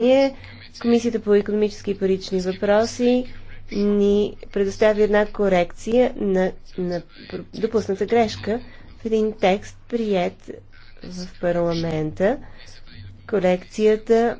Ние, Комисията по економически и парични въпроси, ни предостави една корекция на, на допусната грешка в един текст, прият в парламента. Корекцията